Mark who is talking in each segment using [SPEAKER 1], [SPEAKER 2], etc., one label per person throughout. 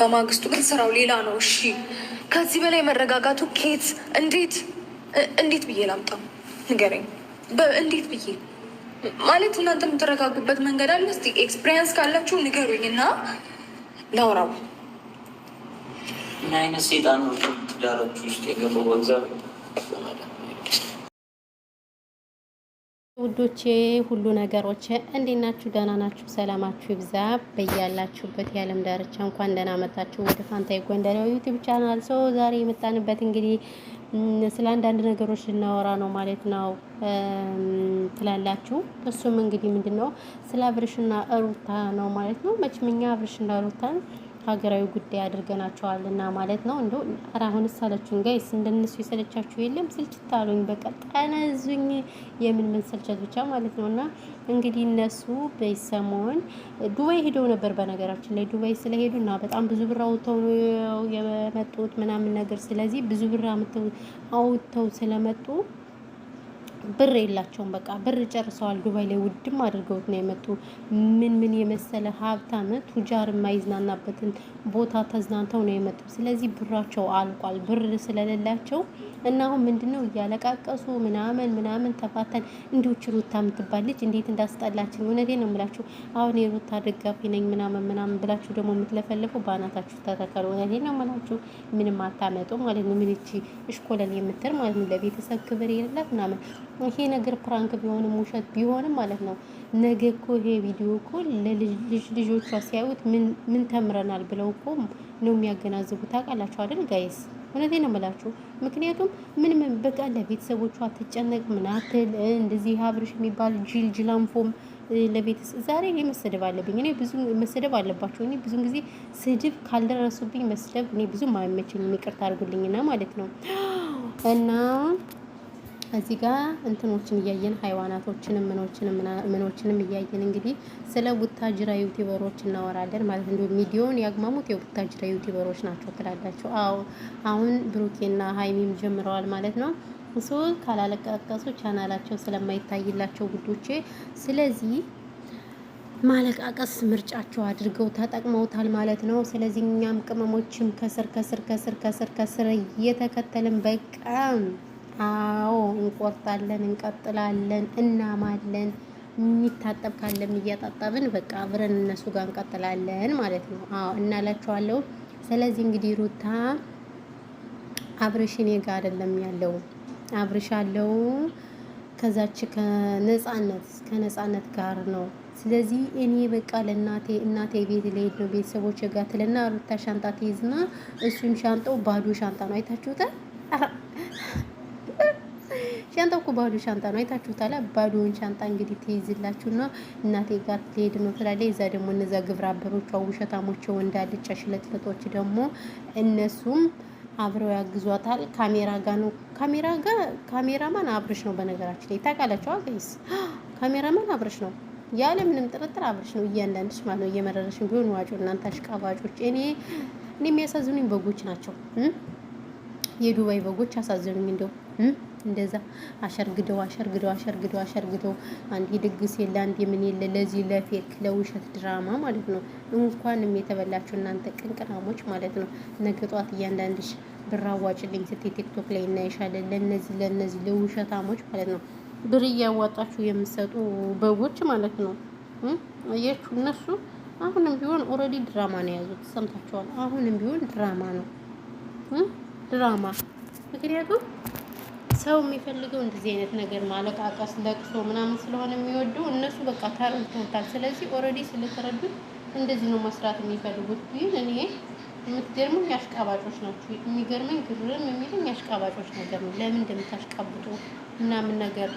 [SPEAKER 1] በማግስቱ ግን ስራው ሌላ ነው። እሺ ከዚህ በላይ መረጋጋቱ ኬት እንዴት እንዴት ብዬ ላምጣው? ንገረኝ፣ እንዴት ብዬ ማለት እናንተ የምትረጋጉበት መንገድ አለ? እስኪ ኤክስፒሪየንስ ካላችሁ ንገሩኝ እና ላውራው።
[SPEAKER 2] ምን አይነት ሴጣን ነው ትዳራችሁ ውስጥ የገባው? እግዚአብሔር
[SPEAKER 3] ውዶቼ ሁሉ ነገሮች እንዴት ናችሁ? ደህና ናችሁ? ሰላማችሁ ይብዛ በያላችሁበት የዓለም ዳርቻ። እንኳን ደህና መጣችሁ ወደ ፋንታይ ጎንደሪያው ዩቲዩብ ቻናል። ሰው ዛሬ የመጣንበት እንግዲህ ስለ አንዳንድ ነገሮች ልናወራ ነው ማለት ነው ትላላችሁ። እሱም እንግዲህ ምንድን ነው ስለ አብርሽና ሩታ ነው ማለት ነው። መችምኛ አብርሽና ሩታን ሀገራዊ ጉዳይ አድርገናቸዋል እና ማለት ነው። እንደ ኧረ አሁን ሳለችሁን ጋይስ እንደነሱ የሰለቻችሁ የለም ስልችት አሉኝ። በቃ ጠነዙኝ የምን ምን ሰልቻት ብቻ ማለት ነው። እና እንግዲህ እነሱ በሰሞን ዱባይ ሄደው ነበር። በነገራችን ላይ ዱባይ ስለሄዱ እና በጣም ብዙ ብር አውጥተው ነው የመጡት ምናምን ነገር። ስለዚህ ብዙ ብር አውጥተው ስለመጡ ብር የላቸውም። በቃ ብር ጨርሰዋል። ዱባይ ላይ ውድም አድርገውት ነው የመጡ። ምን ምን የመሰለ ሀብታም ቱጃር የማይዝናናበትን ቦታ ተዝናንተው ነው የመጡ። ስለዚህ ብራቸው አልቋል። ብር ስለሌላቸው እና አሁን ምንድን ነው እያለቃቀሱ ምናምን ምናምን ተፋተን። እንዲች ሩታ የምትባል ልጅ እንዴት እንዳስጠላችን እውነቴ ነው የምላችሁ። አሁን የሩታ ደጋፊ ነኝ ምናምን ምናምን ብላችሁ ደግሞ የምትለፈልፉ በአናታችሁ ተተከሉ። እውነቴ ነው የምላችሁ። ምንም አታመጡ ማለት ነው። ምን እቺ እሽኮለን የምትል ማለት ነው። ለቤተሰብ ክብር የሌላት ምናምን ይሄ ነገር ፕራንክ ቢሆንም ውሸት ቢሆንም ማለት ነው። ነገ እኮ ይሄ ቪዲዮ እኮ ለልጅ ልጆቿ ሲያዩት ምን ተምረናል ብለው እኮ ነው የሚያገናዝቡት። ታውቃላችሁ አይደል ጋይስ? እውነቴ ነው የምላችሁ። ምክንያቱም ምን ምን በቃ ለቤተሰቦቿ አትጨነቅ ምናትል እንደዚህ አብርሽ የሚባል ጅል ጅላንፎም ለቤተሰብ ዛሬ እኔ መሰደብ አለብኝ። እኔ ብዙ መሰደብ አለባቸው። እኔ ብዙ ጊዜ ስድብ ካልደረሱብኝ መስደብ እኔ ብዙ ማይመችኝ ይቅርታ አድርጉልኝና ማለት ነው እና እዚህ ጋር እንትኖችን እያየን ሀይዋናቶችንም ምኖችንም ምኖችንም እያየን እንግዲህ ስለ ቡታጅራ ዩቲበሮች እናወራለን ማለት እንዲሁ ሚዲዮን ያግማሙት የቡታጅራ ዩቲበሮች ናቸው ትላላቸው። አዎ አሁን ብሩኬና ሀይሚም ጀምረዋል ማለት ነው። እሱ ካላለቀቀሱ ቻናላቸው ስለማይታይላቸው ጉዶቼ፣ ስለዚህ ማለቃቀስ ምርጫቸው አድርገው ተጠቅመውታል ማለት ነው። ስለዚህ እኛም ቅመሞችም ከስር ከስር ከስር ከስር ከስር እየተከተልን በቃ አዎ እንቆርጣለን፣ እንቀጥላለን፣ እናማለን። የሚታጠብ ካለም እያጣጠብን በቃ አብረን እነሱ ጋር እንቀጥላለን ማለት ነው። አዎ እናላችኋለሁ። ስለዚህ እንግዲህ ሩታ አብርሽ እኔ ጋር አይደለም ያለው አብርሽ አለው ከዛች ከነጻነት ከነጻነት ጋር ነው። ስለዚህ እኔ በቃ ለእናቴ እናቴ ቤት ልሄድ ነው ቤተሰቦች ጋር ትልና ሩታ ሻንጣ ትይዝና እሱን ሻንጣው ባዶ ሻንጣ ነው አይታችሁታል። ሻንጣው እኮ ባዶ ሻንጣ ነው፣ አይታችሁታል። ባዶውን ሻንጣ እንግዲህ ትይዝላችሁ ትይዝላችሁና እናቴ ጋር ትሄድ ነው ትላለች። እዛ ደግሞ እነዛ ግብረ አበሮቿ ውሸታሞች ወንዳልጫ ሽለጥለጦች ደግሞ እነሱም አብረው ያግዟታል። ካሜራ ጋ ነው ካሜራ ጋ ካሜራማን አብርሽ ነው። በነገራችን ላይ ታውቃላችሁ አገይስ ካሜራማን አብርሽ ነው ያለ ምንም ጥርጥር አብርሽ ነው። እያንዳንድሽ ማለት ነው እየመረረሽን ቢሆን ዋጮ እናንተ አሽቃባጮች። እኔ እኔ የሚያሳዝኑኝ በጎች ናቸው። የዱባይ በጎች አሳዘኑኝ እንደው እንደዛ አሸርግደው አሸርግደው አሸርግደው አሸርግደው አንዴ ድግስ የለ አንዴ ምን የለ ለዚህ ለፌክ ለውሸት ድራማ ማለት ነው። እንኳንም የተበላችሁ እናንተ ቅንቅናሞች ማለት ነው። ነገ ጠዋት እያንዳንድሽ ብር አዋጭልኝ ስትይ ቲክቶክ ላይ እናይሻለን። ለነዚህ ለነዚህ ለውሸታሞች ማለት ነው ብር እያዋጣችሁ የምሰጡ በጎች ማለት ነው። አያችሁ እነሱ አሁንም ቢሆን ኦልሬዲ ድራማ ነው የያዙት። ሰምታችኋል። አሁንም ቢሆን ድራማ ነው ድራማ ምክንያቱም ሰው የሚፈልገው እንደዚህ አይነት ነገር ማለቃቀስ፣ ለቅሶ ምናምን ስለሆነ የሚወደው እነሱ በቃ ተረድተውታል። ስለዚህ ኦልሬዲ ስለተረዱት እንደዚህ ነው መስራት የሚፈልጉት። ግን እኔ የምትገርሙኝ አሽቃባጮች ናቸው። የሚገርመኝ ግርም የሚለኝ አሽቃባጮች ነገር ነው። ለምን እንደምታሽቃብጡ ምናምን ነገር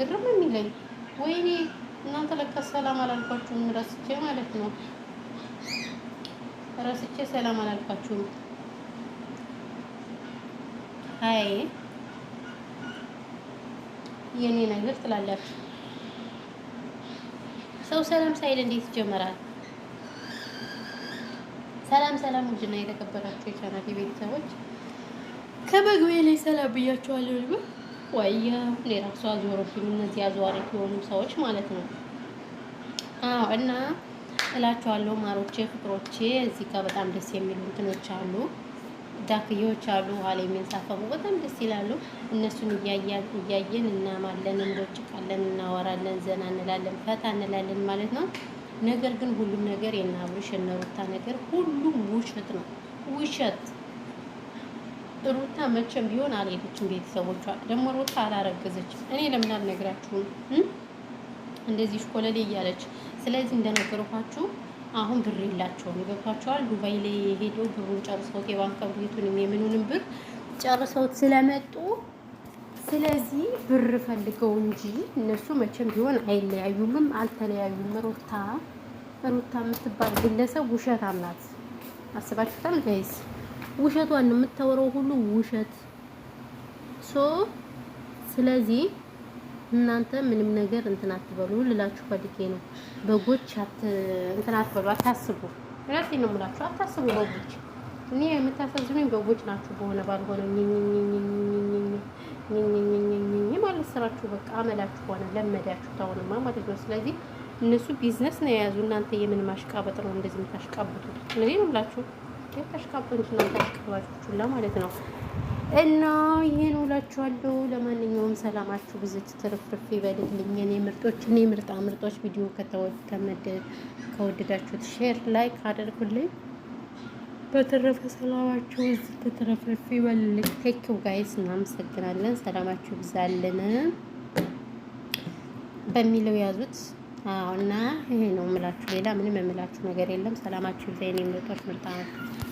[SPEAKER 3] ግርም የሚለኝ ወይኔ እናንተ ለካ ሰላም አላልኳችሁም። ረስቼ ማለት ነው ረስቼ ሰላም አላልኳችሁም። አይ የኔ ነገር ትላላችሁ። ሰው ሰላም ሳይል እንዴት ይጀመራል? ሰላም ሰላም፣ ውድና የተከበራችሁ የቻናል ቤተሰቦች ከመግቢያ ላይ ሰላም ብያችኋለሁ። ልብ ወያ ራሱ አዞረብኝ፣ እነዚህ አዘዋሪ የሆኑ ሰዎች ማለት ነው። አዎ እና እላችኋለሁ ማሮቼ፣ ፍቅሮቼ እዚህ ጋር በጣም ደስ የሚሉ እንትኖች አሉ ዳክዬዎች አሉ ኋላ የሚንሳፈፉ በጣም ደስ ይላሉ። እነሱን እያየን እናማለን፣ እንዶጭቃለን፣ እናወራለን፣ ዘና እንላለን፣ ፈታ እንላለን ማለት ነው። ነገር ግን ሁሉም ነገር የእነ የነሩታ ነገር ሁሉም ውሸት ነው፣ ውሸት። ሩታ መቼም ቢሆን አልሄደችም። ቤተሰቦቿ ደግሞ ሩታ አላረገዘችም። እኔ ለምን አልነግራችሁም እንደዚህ ሽኮለሌ እያለች ስለዚህ እንደነገርኳችሁ አሁን ብር የላቸውም። ይገባቸዋል። ዱባይ ላይ የሄደው ብሩን ጨርሰውት የባንክ አብሪቱንም የምኑንም ብር ጨርሰውት ስለመጡ ስለዚህ ብር ፈልገው እንጂ እነሱ መቼም ቢሆን አይለያዩምም፣ አልተለያዩም። ሩታ ሩታ የምትባል ግለሰብ ውሸት ናት። አስባችሁታል ጋይስ? ውሸቷን የምታወራው ሁሉ ውሸት ሶ ስለዚህ እናንተ ምንም ነገር እንትን አትበሉ ልላችሁ ፈልጌ ነው። በጎች እንትን አትበሉ፣ አታስቡ። ራሴ ነው የምላችሁ፣ አታስቡ። በጎች እኔ የምታሳዝኑኝ በጎች ናችሁ። በሆነ ባልሆነ ማለት ስራችሁ በቃ አመላችሁ ሆነ፣ ለመዳችሁ ታሆንማ ማለት ነው። ስለዚህ እነሱ ቢዝነስ ነው የያዙ፣ እናንተ የምን ማሽቃበጥ ነው እንደዚህ የምታሽቃብጡት? እነዚህ ነው የምላችሁ። የታሽቃብጡ እንጂ እናንተ አሽቃባችሁ ሁላ ነው። እና ይህን ውላችኋለሁ። ለማንኛውም ሰላማችሁ ብዙ ትርፍርፍ ይበልልኝ። እኔ ምርጦች እኔ ምርጣ ምርጦች ቪዲዮ ከወደዳችሁት ሼር፣ ላይክ አድርጉልኝ። በተረፈ ሰላማችሁ ብዙ ትርፍርፍ ይበልልኝ። ቴኪው ጋይስ እናመሰግናለን። ሰላማችሁ ብዛልን በሚለው ያዙት እና ይሄ ነው የምላችሁ። ሌላ ምንም የምላችሁ ነገር የለም። ሰላማችሁ ይብዛ ምርጦች ምርጣ